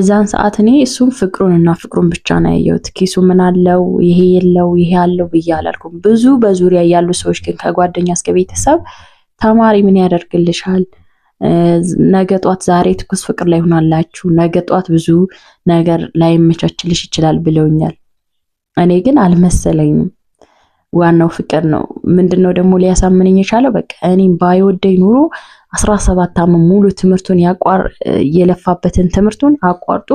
እዛን ሰዓት እኔ እሱም ፍቅሩን እና ፍቅሩን ብቻ ነው ያየሁት። ኪሱ ምን አለው ይሄ የለው ይሄ አለው ብዬ አላልኩም። ብዙ በዙሪያ ያሉ ሰዎች ግን ከጓደኛ እስከ ቤተሰብ ተማሪ ምን ያደርግልሻል፣ ነገ ጧት ዛሬ ትኩስ ፍቅር ላይ ሆናላችሁ፣ ነገ ጧት ብዙ ነገር ላይመቻችልሽ ይችላል ብለውኛል። እኔ ግን አልመሰለኝም። ዋናው ፍቅር ነው። ምንድን ነው ደግሞ ሊያሳምንኝ የቻለው በቃ እኔም ባይወደኝ ኑሮ አስራ ሰባት ዓመት ሙሉ ትምህርቱን የለፋበትን ትምህርቱን አቋርጦ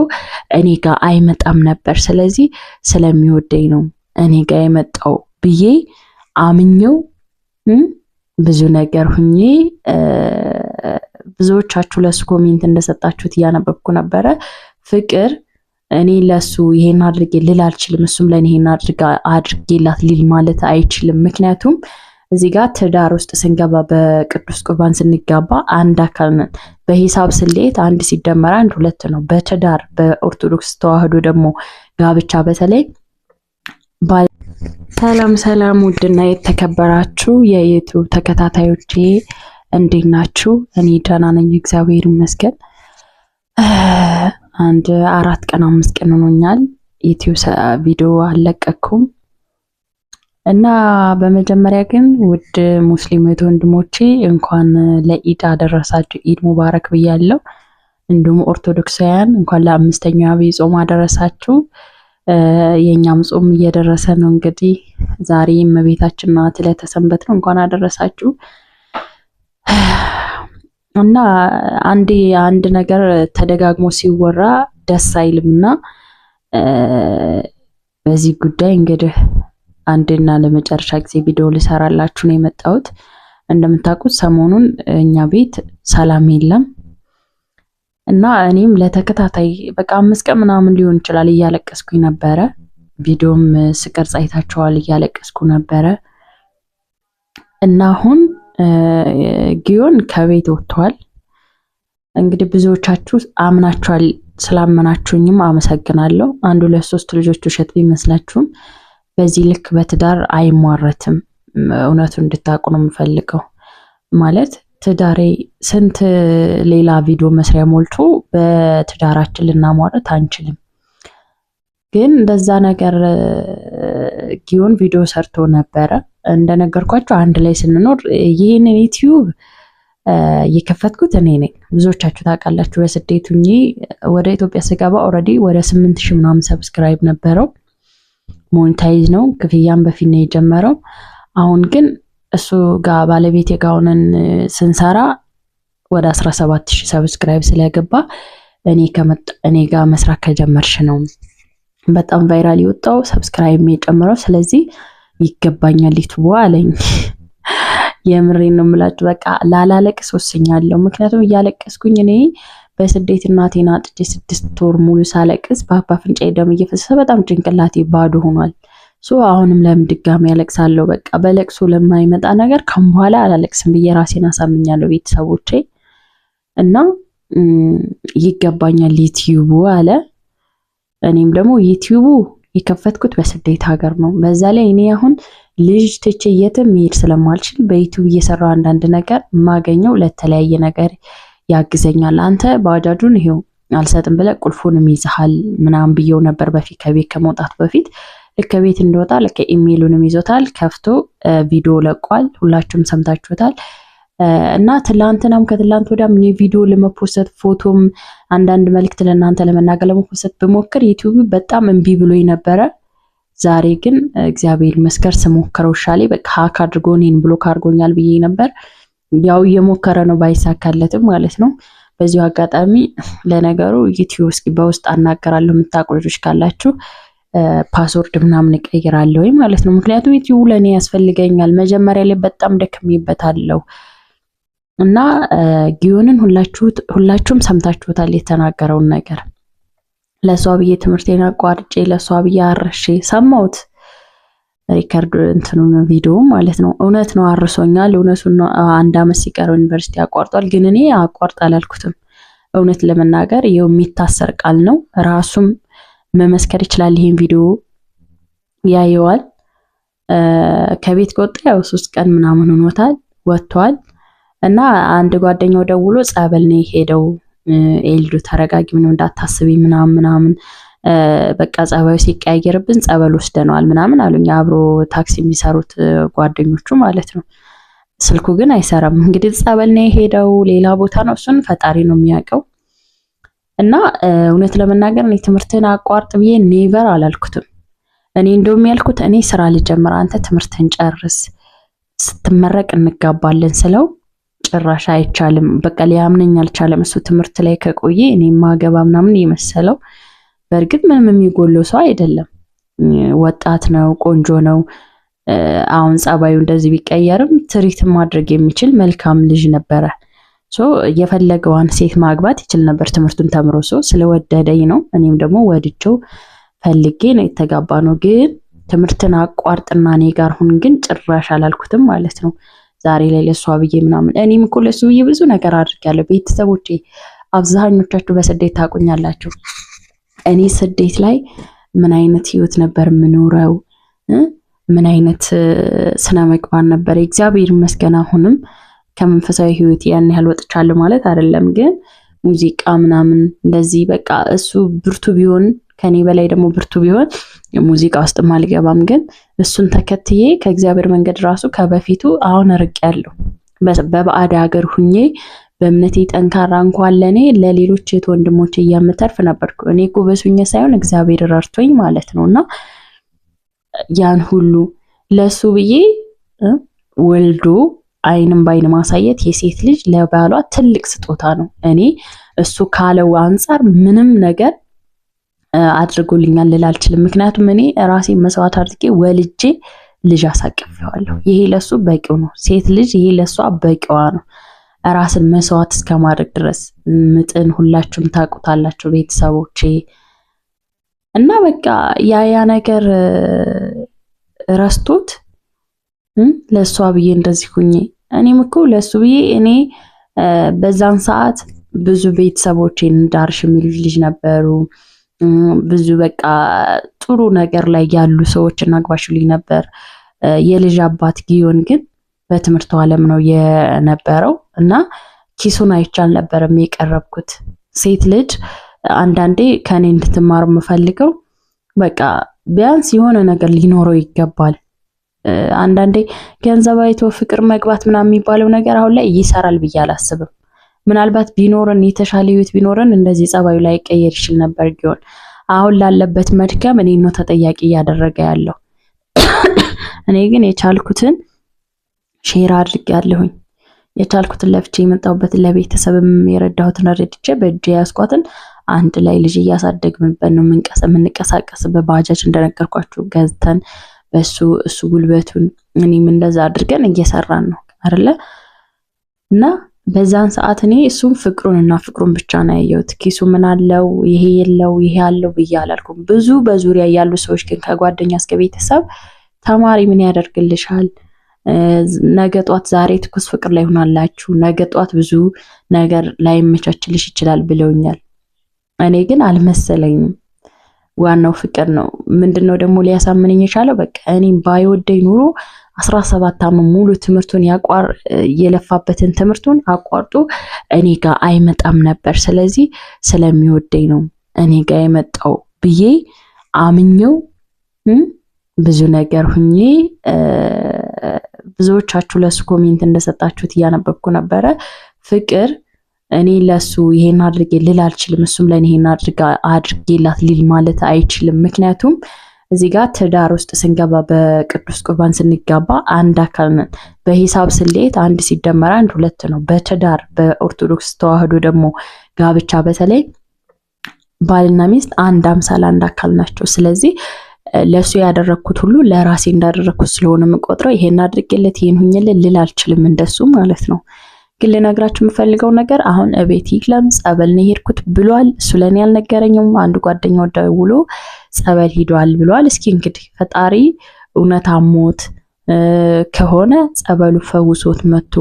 እኔ ጋር አይመጣም ነበር። ስለዚህ ስለሚወደኝ ነው እኔ ጋር የመጣው ብዬ አምኘው ብዙ ነገር ሁኜ ብዙዎቻችሁ ለሱ ኮሜንት እንደሰጣችሁት እያነበብኩ ነበረ። ፍቅር እኔ ለሱ ይሄን አድርጌ ልል አልችልም፣ እሱም ለእኔ ይሄን አድርጌላት ሊል ማለት አይችልም። ምክንያቱም እዚህ ጋር ትዳር ውስጥ ስንገባ በቅዱስ ቁርባን ስንጋባ አንድ አካል ነን። በሂሳብ ስሌት አንድ ሲደመር አንድ ሁለት ነው። በትዳር በኦርቶዶክስ ተዋህዶ ደግሞ ጋብቻ በተለይ ሰላም ሰላም፣ ውድና የተከበራችሁ የዩቲዩብ ተከታታዮቼ እንዴት ናችሁ? እኔ ደህና ነኝ፣ እግዚአብሔር ይመስገን። አንድ አራት ቀን አምስት ቀን ሆኖኛል ዩቲዩብ ቪዲዮ አልለቀኩም። እና በመጀመሪያ ግን ውድ ሙስሊም እህት ወንድሞቼ እንኳን ለኢድ አደረሳችሁ። ኢድ ሙባረክ ብያለሁ። እንዲሁም ኦርቶዶክሳውያን እንኳን ለአምስተኛው አብይ ጾም አደረሳችሁ። የእኛም ጾም እየደረሰ ነው። እንግዲህ ዛሬ እመቤታችን ናት ለተሰንበት ነው። እንኳን አደረሳችሁ እና አንድ አንድ ነገር ተደጋግሞ ሲወራ ደስ አይልምና በዚህ ጉዳይ እንግዲህ አንድና ለመጨረሻ ጊዜ ቪዲዮ ልሰራላችሁ ነው የመጣሁት። እንደምታውቁት ሰሞኑን እኛ ቤት ሰላም የለም እና እኔም ለተከታታይ በቃ አምስት ቀን ምናምን ሊሆን ይችላል እያለቀስኩኝ ነበረ። ቪዲዮም ስቀርጽ አይታችኋል፣ እያለቀስኩ ነበረ እና አሁን ጊዮን ከቤት ወጥቷል። እንግዲህ ብዙዎቻችሁ አምናችኋል። ስላመናችሁኝም አመሰግናለሁ። አንዱ ለሶስት ልጆች ውሸት ቢመስላችሁም በዚህ ልክ በትዳር አይሟረትም። እውነቱ እንድታውቁ ነው የምፈልገው። ማለት ትዳሬ ስንት ሌላ ቪዲዮ መስሪያ ሞልቶ በትዳራችን ልናሟረት አንችልም። ግን እንደዛ ነገር ጊዮን ቪዲዮ ሰርቶ ነበረ። እንደነገርኳቸው አንድ ላይ ስንኖር ይህንን ዩቲዩብ የከፈትኩት እኔ ነኝ። ብዙዎቻችሁ ታውቃላችሁ። በስደቱኝ ወደ ኢትዮጵያ ስገባ ኦልሬዲ ወደ ስምንት ሺህ ምናምን ሰብስክራይብ ነበረው። ሞኒታይዝ ነው። ክፍያም በፊት ነው የጀመረው። አሁን ግን እሱ ጋር ባለቤት ጋር ሆነን ስንሰራ ወደ 17 ሰብስክራይብ ስለገባ እኔ እኔ ጋር መስራት ከጀመርሽ ነው በጣም ቫይራል የወጣው ሰብስክራይብ የጨመረው። ስለዚህ ይገባኛል ዩቱቡ አለኝ። የምሬን ነው የምላችሁ። በቃ ላላለቅስ ወስኛለሁ። ምክንያቱም እያለቀስኩኝ እኔ በስደት እናቴን አጥቼ ስድስት ወር ሙሉ ሳለቅስ በአባ አፍንጫዬ ደም እየፈሰሰ በጣም ጭንቅላቴ ባዶ ሆኗል። ሶ አሁንም ለምን ድጋሚ ያለቅሳለሁ? በቃ በለቅሶ ለማይመጣ ነገር ከም በኋላ አላለቅስም ብዬ ራሴን አሳምኛለሁ ቤተሰቦቼ እና ይገባኛል ዩቲዩቡ አለ። እኔም ደግሞ ዩቲዩቡ የከፈትኩት በስደት ሀገር ነው። በዛ ላይ እኔ አሁን ልጅ ትቼ የትም መሄድ ስለማልችል በዩቲዩብ እየሰራው አንዳንድ ነገር የማገኘው ለተለያየ ነገር ያግዘኛል። አንተ ባጃጁን ይሄው አልሰጥም ብለህ ቁልፉንም ይዘሃል ምናምን ብየው ነበር በፊት ከቤት ከመውጣት በፊት ልክ ቤት እንደወጣ ልክ ኢሜሉንም ይዞታል ከፍቶ ቪዲዮ ለቋል። ሁላችሁም ሰምታችሁታል። እና ትላንትናም ከትላንት ወዲያም ቪዲዮ ለመፖሰት ፎቶም አንዳንድ መልእክት ለእናንተ ለመናገር ለመፖሰት ብሞክር ዩቲዩብ በጣም እምቢ ብሎ ነበረ። ዛሬ ግን እግዚአብሔር ይመስገን ስሞክረው ሻሌ በቃ ሀክ አድርጎ እኔን ብሎክ አድርጎኛል ብዬ ነበር። ያው እየሞከረ ነው ባይሳካለትም ማለት ነው። በዚሁ አጋጣሚ ለነገሩ ዩቲዩብ እስኪ በውስጥ አናገራለሁ የምታውቁ ልጆች ካላችሁ ፓስወርድ ምናምን እቀይራለሁ ማለት ነው። ምክንያቱም ዩቲዩብ ለእኔ ያስፈልገኛል። መጀመሪያ ላይ በጣም ደክሜበታለሁ እና ጊዮንን ሁላችሁም ሰምታችሁታል የተናገረውን ነገር ለእሷ ብዬ ትምህርቴን አቋርጬ ለእሷ ብዬ አረሼ ሰማሁት። ሪከርድ እንትኑ ቪዲዮ ማለት ነው። እውነት ነው አርሶኛል። እውነቱን አንድ አመት ሲቀረው ዩኒቨርሲቲ አቋርጧል። ግን እኔ አቋርጥ አላልኩትም። እውነት ለመናገር ይኸው የሚታሰር ቃል ነው። ራሱም መመስከር ይችላል። ይህን ቪዲዮ ያየዋል። ከቤት ከወጣ ያው ሶስት ቀን ምናምን ሆኖታል ወጥቷል። እና አንድ ጓደኛው ደውሎ ጸበል ነው የሄደው ኤልዱ ተረጋጊ፣ ምንም እንዳታስቢ ምናምን ምናምን በቃ ጸባዩ ሲቀያየርብን ጸበል ወስደነዋል ምናምን አሉኝ። አብሮ ታክሲ የሚሰሩት ጓደኞቹ ማለት ነው። ስልኩ ግን አይሰራም። እንግዲህ ጸበል ነው የሄደው፣ ሌላ ቦታ ነው። እሱን ፈጣሪ ነው የሚያውቀው። እና እውነት ለመናገር እኔ ትምህርትን አቋርጥ ብዬ ኔቨር አላልኩትም። እኔ እንደውም ያልኩት እኔ ስራ ልጀምር፣ አንተ ትምህርትን ጨርስ፣ ስትመረቅ እንጋባለን ስለው ጭራሽ አይቻልም፣ በቃ ሊያምነኝ አልቻለም። እሱ ትምህርት ላይ ከቆየ እኔ ማገባ ምናምን የመሰለው በእርግጥ ምንም የሚጎለው ሰው አይደለም። ወጣት ነው፣ ቆንጆ ነው። አሁን ጸባዩ እንደዚህ ቢቀየርም ትሪት ማድረግ የሚችል መልካም ልጅ ነበረ። የፈለገዋን ሴት ማግባት ይችል ነበር። ትምህርቱን ተምሮ ሰ ስለወደደኝ ነው። እኔም ደግሞ ወድቸው ፈልጌ ነው የተጋባ ነው። ግን ትምህርትን አቋርጥና እኔ ጋር ሁን ግን ጭራሽ አላልኩትም ማለት ነው። ዛሬ ላይ ለእሷ ብዬ ምናምን እኔም እኮ ለሱ ብዬ ብዙ ነገር አድርጌያለሁ። ቤተሰቦቼ አብዛኞቻችሁ በስደት ታቁኛላቸው እኔ ስደት ላይ ምን አይነት ህይወት ነበር የምኖረው? ምን አይነት ስነ ምግባር ነበር? እግዚአብሔር ይመስገን አሁንም ከመንፈሳዊ ህይወት ያን ያህል ወጥቻለሁ ማለት አይደለም፣ ግን ሙዚቃ ምናምን እንደዚህ በቃ እሱ ብርቱ ቢሆን ከኔ በላይ ደግሞ ብርቱ ቢሆን ሙዚቃ ውስጥም አልገባም። ግን እሱን ተከትዬ ከእግዚአብሔር መንገድ ራሱ ከበፊቱ አሁን ርቅ ያለሁ በባዕድ ሀገር ሁኜ በእምነቴ ጠንካራ እንኳን ለእኔ ለሌሎች እህት ወንድሞች እያምተርፍ ነበርኩ። እኔ ጎበሱኝ ሳይሆን እግዚአብሔር ረርቶኝ ማለት ነው። እና ያን ሁሉ ለሱ ብዬ ወልዶ አይንም በአይን ማሳየት የሴት ልጅ ለባሏ ትልቅ ስጦታ ነው። እኔ እሱ ካለው አንጻር ምንም ነገር አድርጎልኛል ልል አልችልም። ምክንያቱም እኔ ራሴ መስዋዕት አድርጌ ወልጄ ልጅ አሳቅፌዋለሁ። ይሄ ለሱ በቂው ነው። ሴት ልጅ ይሄ ለሷ በቂዋ ነው። ራስን መስዋዕት እስከ ማድረግ ድረስ ምጥን ሁላችሁም ታውቁታላችሁ ቤተሰቦቼ። እና በቃ ያ ያ ነገር ረስቶት ለእሷ ብዬ እንደዚህ ሁኜ እኔም እኮ ለእሱ ብዬ እኔ በዛን ሰዓት ብዙ ቤተሰቦቼን እንዳርሽ የሚሉ ልጅ ነበሩ። ብዙ በቃ ጥሩ ነገር ላይ ያሉ ሰዎች እናግባሽ እናግባሽልኝ ነበር። የልጅ አባት ጊዮን ግን በትምህርቱ ዓለም ነው የነበረው እና ኪሱን አይቼ አልነበረም የቀረብኩት። ሴት ልጅ አንዳንዴ ከኔ እንድትማሩ የምፈልገው በቃ ቢያንስ የሆነ ነገር ሊኖረው ይገባል። አንዳንዴ ገንዘብ አይቶ ፍቅር መግባት ምናምን የሚባለው ነገር አሁን ላይ ይሰራል ብዬ አላስብም። ምናልባት ቢኖረን የተሻለ ህይወት ቢኖረን እንደዚህ ጸባዩ ላይ ቀየር ይችል ነበር። ጊሆን አሁን ላለበት መድከም እኔ ነው ተጠያቂ እያደረገ ያለው። እኔ ግን የቻልኩትን ሼር አድርጌያለሁኝ። የቻልኩትን ለፍቼ የመጣሁበትን ለቤተሰብም የረዳሁትን ረድቼ በእጅ ያስኳትን አንድ ላይ ልጅ እያሳደግንበት ነው የምንቀሳቀስ። በባጃጅ እንደነገርኳችሁ ገዝተን በሱ እሱ ጉልበቱን እኔም እንደዛ አድርገን እየሰራን ነው አይደለ እና በዛን ሰዓት እኔ እሱም ፍቅሩን እና ፍቅሩን ብቻ ነው ያየሁት። ኪሱ ምን አለው ይሄ የለው ይሄ አለው ብዬ አላልኩም። ብዙ በዙሪያ ያሉ ሰዎች ግን ከጓደኛ እስከ ቤተሰብ ተማሪ ምን ያደርግልሻል ነገ ጧት ዛሬ ትኩስ ፍቅር ላይ ሆናላችሁ፣ ነገ ጧት ብዙ ነገር ላይመቻችልሽ ይችላል ብለውኛል። እኔ ግን አልመሰለኝም። ዋናው ፍቅር ነው። ምንድን ነው ደግሞ ሊያሳምነኝ የቻለው? በቃ እኔም ባይወደኝ ኑሮ አስራ ሰባት ዓመት ሙሉ ትምህርቱን ያቋር የለፋበትን ትምህርቱን አቋርጦ እኔ ጋር አይመጣም ነበር። ስለዚህ ስለሚወደኝ ነው እኔ ጋር የመጣው ብዬ አምኘው ብዙ ነገር ሁኜ ብዙዎቻችሁ ለሱ ኮሜንት እንደሰጣችሁት እያነበብኩ ነበረ። ፍቅር እኔ ለሱ ይሄን አድርጌ ልል አልችልም፣ እሱም ለእኔ ይሄን አድርጌላት ሊል ማለት አይችልም። ምክንያቱም እዚህ ጋር ትዳር ውስጥ ስንገባ በቅዱስ ቁርባን ስንጋባ አንድ አካል ነን። በሂሳብ ስሌት አንድ ሲደመር አንድ ሁለት ነው። በትዳር በኦርቶዶክስ ተዋህዶ ደግሞ ጋብቻ በተለይ ባልና ሚስት አንድ አምሳል አንድ አካል ናቸው። ስለዚህ ለእሱ ያደረግኩት ሁሉ ለራሴ እንዳደረግኩት ስለሆነ የምቆጥረው ይሄን አድርጌለት ይሄን ሁኝለት ልል አልችልም፣ እንደሱ ማለት ነው። ግን ልነግራችሁ የምፈልገው ነገር አሁን እቤት ይግለም ጸበል ነው የሄድኩት ብሏል። እሱ ለእኔ አልነገረኝም። አንድ ጓደኛው ደውሎ ጸበል ሂዷል ብሏል። እስኪ እንግዲህ ፈጣሪ እውነት አሞት ከሆነ ጸበሉ ፈውሶት መጥቶ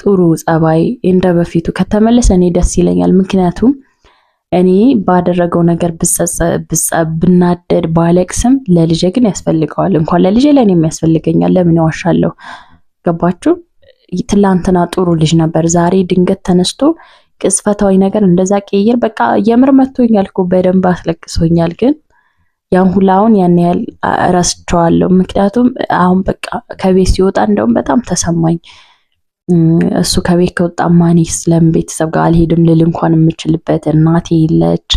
ጥሩ ጸባይ እንደ በፊቱ ከተመለሰ እኔ ደስ ይለኛል። ምክንያቱም እኔ ባደረገው ነገር ብናደድ ባለቅስም ለልጄ ግን ያስፈልገዋል። እንኳን ለልጄ ለእኔም ያስፈልገኛል። ለምን ዋሻለሁ? ገባችሁ? ትላንትና ጥሩ ልጅ ነበር። ዛሬ ድንገት ተነስቶ ቅስፈታዊ ነገር እንደዛ ቀይር። በቃ የምር መቶኛል እኮ በደንብ አስለቅሶኛል። ግን ያን ሁላ ያን ያህል ረስቸዋለሁ። ምክንያቱም አሁን በቃ ከቤት ሲወጣ እንደውም በጣም ተሰማኝ። እሱ ከቤት ከወጣ ማን ስለም ቤተሰብ ጋር አልሄድም ልል እንኳን የምችልበት እናቴ የለች።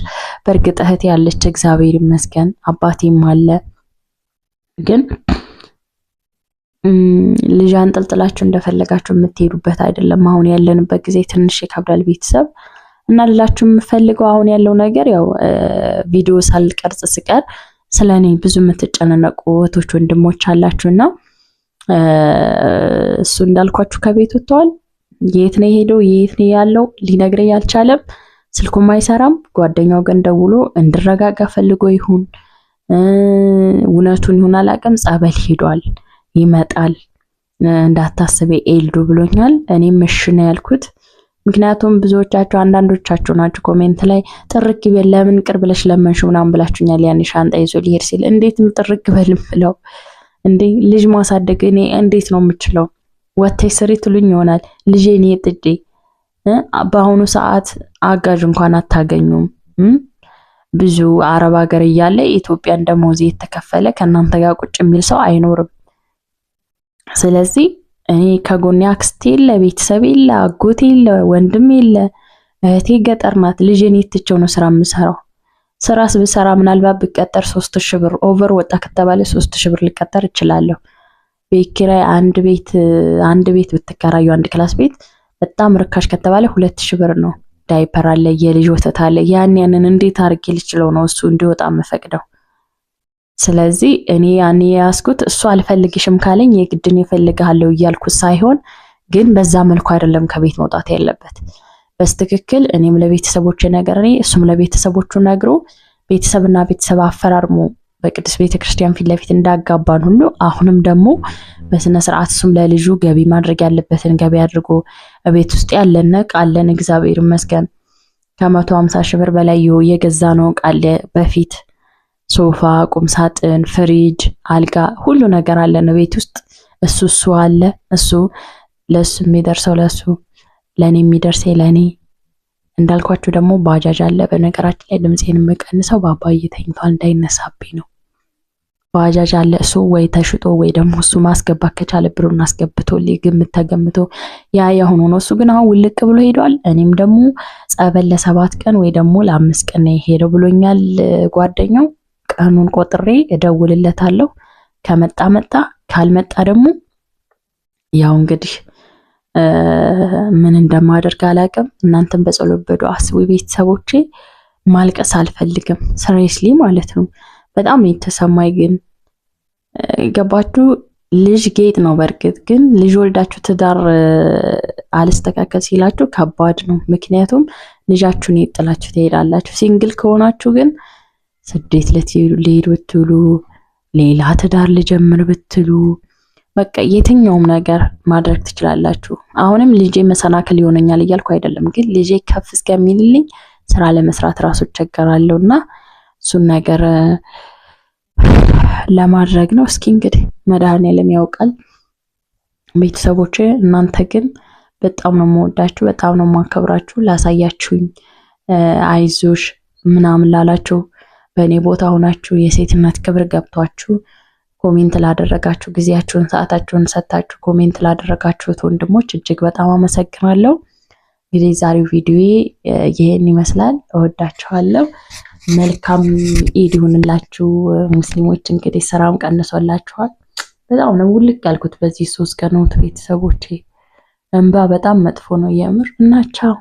በእርግጥ እህት ያለች እግዚአብሔር ይመስገን፣ አባቴም አለ። ግን ልጅ አንጠልጥላችሁ እንደፈለጋችሁ የምትሄዱበት አይደለም። አሁን ያለንበት ጊዜ ትንሽ ይከብዳል ቤተሰብ እና ልላችሁ የምፈልገው አሁን ያለው ነገር ያው ቪዲዮ ሳልቀርጽ ስቀር ስለኔ ብዙ የምትጨነነቁ እህቶች ወንድሞች እና እሱ እንዳልኳችሁ ከቤት ወጥተዋል። የት ነው የሄደው? የት ነው ያለው? ሊነግረኝ አልቻለም። ስልኩም አይሰራም። ጓደኛው ግን ደውሎ እንድረጋጋ ፈልጎ ይሁን እውነቱን ይሁን አላውቅም፣ ጸበል ሄዷል፣ ይመጣል፣ እንዳታስበ ኤልዱ ብሎኛል። እኔም እሺ ነው ያልኩት። ምክንያቱም ብዙዎቻችሁ አንዳንዶቻችሁ ናችሁ ኮሜንት ላይ ጥርቅ ይበል ለምን ቅርብ ለሽ ለመንሽ ምናምን ብላችሁኛል። ያን ሻንጣ ይዞ ሊሄድ ሲል እንዴትም ጥርቅ ይበል ብለው እንዴ ልጅ ማሳደግ እኔ እንዴት ነው የምችለው? ወተሽ ስሪ ትሉኝ ይሆናል። ልጄ እኔ ጥጄ በአሁኑ ሰዓት አጋዥ እንኳን አታገኙም። ብዙ አረብ ሀገር እያለ ኢትዮጵያን ደሞዝ የተከፈለ ከእናንተ ጋር ቁጭ የሚል ሰው አይኖርም። ስለዚህ እኔ ከጎኔ አክስቴ የለ፣ ቤተሰብ የለ፣ አጎቴ የለ፣ ወንድም የለ፣ እህቴ ገጠር ናት። ልጄን ነው ስራ የምሰራው? ስራ ስብሰራ ምናልባት ብቀጠር ሶስት ሺ ብር ኦቨር ወጣ ከተባለ ሶስት ሺ ብር ልቀጠር እችላለሁ። ቤት ኪራይ አንድ ቤት አንድ ቤት ብትከራዩ አንድ ክላስ ቤት በጣም ርካሽ ከተባለ ሁለት ሺ ብር ነው። ዳይፐር አለ፣ የልጅ ወተት አለ። ያን ያንን እንዴት አድርጌ ልችለው ነው እሱ እንዲወጣ የምፈቅደው? ስለዚህ እኔ ያን የያዝኩት እሱ አልፈልግሽም ካለኝ የግድን ይፈልግሃለሁ እያልኩት ሳይሆን ግን በዛ መልኩ አይደለም ከቤት መውጣት ያለበት። በስትክክል እኔም ለቤተሰቦች ነግሬ እሱም ለቤተሰቦቹ ነግሮ ቤተሰብና ቤተሰብ አፈራርሞ በቅዱስ ቤተክርስቲያን ፊት ለፊት እንዳጋባን ሁሉ አሁንም ደግሞ በስነ ስርዓት እሱም ለልጁ ገቢ ማድረግ ያለበትን ገቢ አድርጎ ቤት ውስጥ ያለን እቃ አለን። እግዚአብሔር ይመስገን ከመቶ ሀምሳ ሺህ ብር በላይ የገዛ ነው እቃ አለ። በፊት ሶፋ፣ ሳጥን፣ ፍሪጅ፣ አልጋ ሁሉ ነገር አለን ቤት ውስጥ እሱ እሱ አለ እሱ ለእሱ የሚደርሰው ለእሱ ለእኔ የሚደርስ ለእኔ እንዳልኳችሁ ደግሞ ባጃጅ አለ። በነገራችን ላይ ድምፄን የምቀንሰው በአባዬ ተኝቷ እንዳይነሳብኝ ነው። ባጃጅ አለ። እሱ ወይ ተሽጦ ወይ ደግሞ እሱ ማስገባት ከቻለ ብሩን አስገብቶ ግምት ተገምቶ ያ የሆኑ ነው። እሱ ግን አሁን ውልቅ ብሎ ሄዷል። እኔም ደግሞ ጸበል ለሰባት ቀን ወይ ደግሞ ለአምስት ቀን ሄደው ብሎኛል ጓደኛው። ቀኑን ቆጥሬ እደውልለታለሁ። ከመጣ መጣ፣ ካልመጣ ደግሞ ያው እንግዲህ ምን እንደማደርግ አላቅም። እናንተም በጸሎት በዱዓ አስቡ ቤተሰቦቼ። ማልቀስ አልፈልግም ስሬስሊ ማለት ነው። በጣም የተሰማኝ ግን ገባችሁ ልጅ ጌጥ ነው። በእርግጥ ግን ልጅ ወልዳችሁ ትዳር አልስተካከል ሲላችሁ ከባድ ነው። ምክንያቱም ልጃችሁን የጥላችሁ ትሄዳላችሁ። ሲንግል ከሆናችሁ ግን ስደት ልትሄዱ ብትሉ ሌላ ትዳር ልጀምር ብትሉ በቃ የትኛውም ነገር ማድረግ ትችላላችሁ። አሁንም ልጄ መሰናክል ይሆነኛል እያልኩ አይደለም፣ ግን ልጄ ከፍ እስከሚልልኝ ስራ ለመስራት ራሱ እቸገራለሁ እና እሱን ነገር ለማድረግ ነው። እስኪ እንግዲህ መድኃኔዓለም ያውቃል። ቤተሰቦች እናንተ ግን በጣም ነው የምወዳችሁ፣ በጣም ነው የማከብራችሁ። ላሳያችሁኝ አይዞሽ ምናምን ላላችሁ በእኔ ቦታ ሆናችሁ የሴትነት ክብር ገብቷችሁ ኮሜንት ላደረጋችሁ ጊዜያችሁን ሰዓታችሁን ሰጥታችሁ ኮሜንት ላደረጋችሁት ወንድሞች እጅግ በጣም አመሰግናለሁ። እንግዲህ ዛሬው ቪዲዮ ይህን ይመስላል። እወዳችኋለሁ። መልካም ኢድ ይሁንላችሁ። ሙስሊሞች እንግዲህ ስራም ቀንሶላችኋል። በጣም ነው ውልቅ ያልኩት በዚህ ሶስት ቀን ቤተሰቦቼ። እንባ በጣም መጥፎ ነው የምር እናቻው